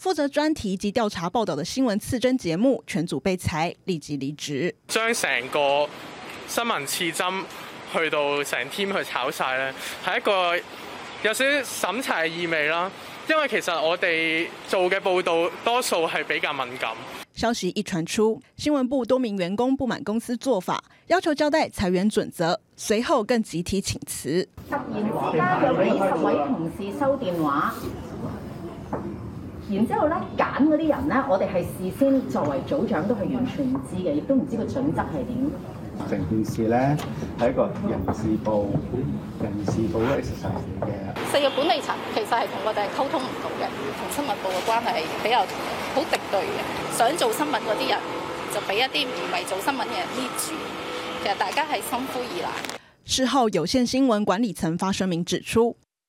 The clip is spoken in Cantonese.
負責專題及調查報道的新聞刺針節目全組被裁，立即離職。將成個新聞刺針去到成 team 去炒晒咧，係一個有少少審查嘅意味啦。因為其實我哋做嘅報道多數係比較敏感。消息一傳出，新聞部多名員工不滿公司做法，要求交代裁員準則，隨後更集體請辭。突然之間有幾十位同事收電話。然之後咧，揀嗰啲人咧，我哋係事先作為組長都係完全唔知嘅，亦都唔知個準則係點。成件事咧係一個人事部、人事部嘅管理層嚟嘅。四個管理層其實係同我哋係溝通唔到嘅，同新聞部嘅關係係比較好敵對嘅。想做新聞嗰啲人就俾一啲唔係做新聞嘅人捏住，其實大家係心灰意冷。事後有線新聞管理層發聲明指出。